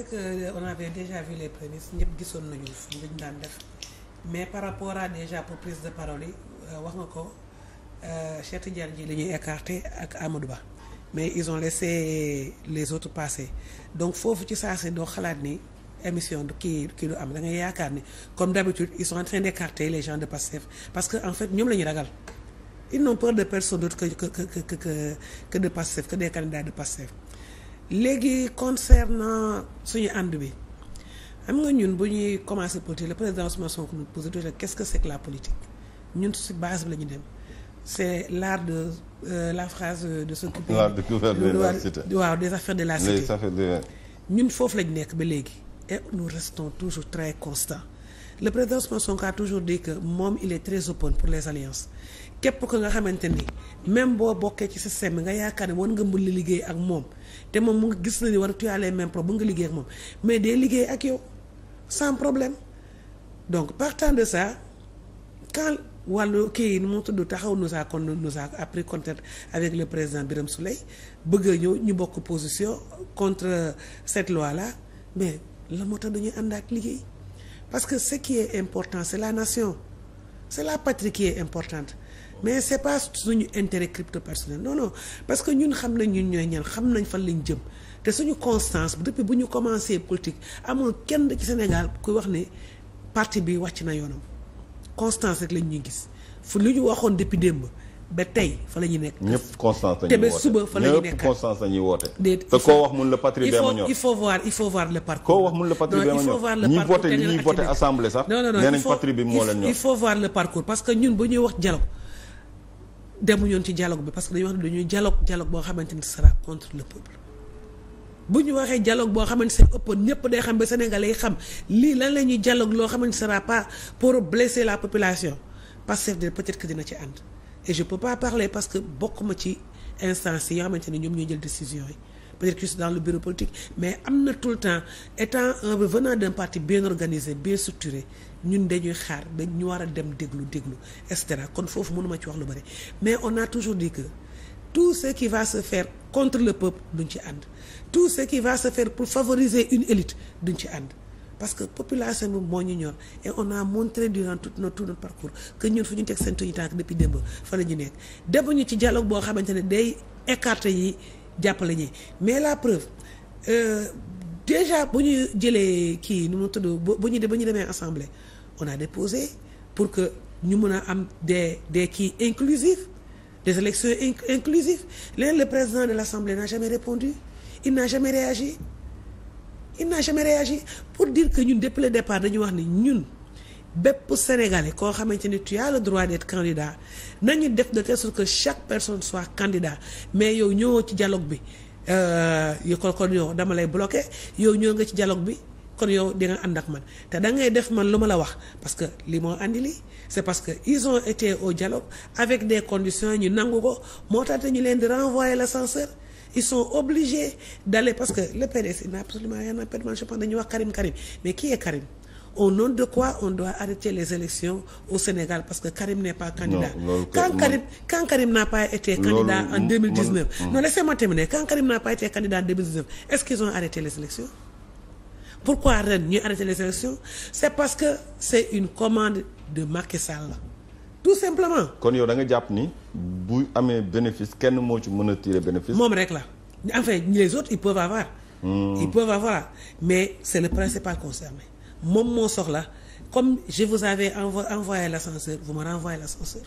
c'est que on avait déjà vu les prémices ñëpp gisoon nañu li ñu daan def mais par rapport à déjà pour prise de parole euh, wax nga ko euh, Cheikh Tidiane ji la ñuy écarté ak Amadou Ba mais ils ont laissé les autres passer donc foofu ci saa si doo xalaat ni émission kii kii lu am da yaakaar ni comme d'habitude ils sont en train d'écarter les gens de Pastef parce que en fait ñoom la ñuy ragal ils n'ont peur de personne d'autre que que que que que de Pastef que des candidats de Pastef léegi concernant suñu ànd bi am nga ñun bu ñuy commencé politique la président Ousmane Sonko nous pose toujours qu'est-ce que c'est que la politique ñun si base bi la ñu dem c'est l'art de euh, la phrase de s'occuper l'art de gouverner la cité waaw des affaires de la cité ñun foofu lañu nekk ba léegi et nous restons toujours très constants le président Ousmane Sonko a toujours dit que moom il est très open pour les alliances képp ko nga xamante ni même boo bokkee ci système bi nga yaakaar ne war nga mën li liggéey ak moom te moom mu nga gis na ni war tu as les mêmes problèmes nga mais day liggéey ak yow sans problème donc partant de ça quand wàllu kii nu mu tudd taxaw nous a con nous a appris contact avec le président Birame Souleye bëgg a ñëw ñu bokk position contre cette loi là mais la moo tax dañuy ànd ak liggéey. parce que ce qui est important c'est la nation c'est la patrie qui est importante mais c'est pas suñu intérêt crypto personnel non non parce que ñun xam nañ ñun ñooy ñan xam nañ fan lañ jëm te suñu constance depuis bu ñu commencé politique amoon kenn ci Sénégal kuy wax ni parti bi wàcc na yoonam constance rek lañ ñuy gis fu lu ñu waxoon depuis démb. ba tey fa la ñuy nekk. ñëpp constance la ñuy woote te ba suba fa la ñuy nekk ñëpp constance koo wax mun la patrie bee ma ñor il faut il faut voir il parcours. koo wax mun la patrie bee ma ñor ñi faut voir le parcours parce que ñun ba ñuy wax dialogue demuñoon ci dialogue bi parce que dañuy wax ne dañuy boo xamante ni sera contre le peuple. bu ñu waxee dialogue boo xamante ne ëpp ñëpp day xam ba Sénégalais yi xam lii lan la ñuy dialogue loo xamante ne sera pas pour blesser la population parce que peut-être que dina ci et je peux pas parler parce que bokk ma ci instance yi nga xamante ne ñoom ñoo jël décision yi peut-être que c'est dans le bureau politique mais am na tout le temps étant un venant d'un parti bien organisé bien structuré ñun dañuy xaar ba ñu war a dem déglu déglu et cetera kon foofu mënuma ci wax lu bari mais on a toujours di que tout ce qui va se faire contre le peuple duñ ci ànd tout ce qui va se faire pour favoriser une élite duñ ci ànd parce que population bi moo ñu ñor et on a montré durant tout notre tout notre parcours que ñun fu ñu teg seen tuñu tànk depuis démb fa la ñu nekk démb ñu ci dialogue boo xamante ne day écarté yi jàppale ñi mais la preuve euh, déjà bu ñu jëlee kii nu mu tudd bu ñu ba ñu demee assemblée on a déposé pour que ñu mun a am des des kii inclusifs des élections inclusives léegi le président de l'assemblée n'a jamais répondu il n'a jamais réagi il n'a jamais réagi pour dire que ñun depuis le départ dañu wax ni ñun bépp sénégalais koo xamante ni tu as le droit d'être candidat nañu def de telle sorte que chaque personne soit candidat mais yow ñëwoo ci dialogue bi euh, yo kon kon yow dama lay bloqué yow ñëw nga ci dialogue bi kon yow di nga ànd ak man te da ngay def man lu ma la wax parce que li moo andi lii c'est parce que ils on été au dialogue avec des conditions ñi nangu ko moo tax te ñu leen di renvoyer l'ascenseur ils sont obligés d'aller parce que le PDS n'a absolument rien à perdre je pense wax Karim Karim mais qui est Karim au nom de quoi on doit arrêter les élections au Sénégal parce que Karim n'est pas candidat non, quand n'a pas été candidat en 2019 non laissez-moi terminer n'a pas été candidat en est-ce qu'ils ont arrêté les élections pourquoi ren ñu arrêté les élections c'est parce que c'est une commande de Macky la tout simplement. kon yow da nga jàpp ni bu amee bénéfice kenn moo ci mën a tirer bénéfice. moom rek la enfin les autres ils peuvent avoir. Mmh. ils peuvent avoir mais c'est le principal concerné moom moo soxla comme je vous avais envoyé l'ascenseur vous me renvoyez l'ascenseur.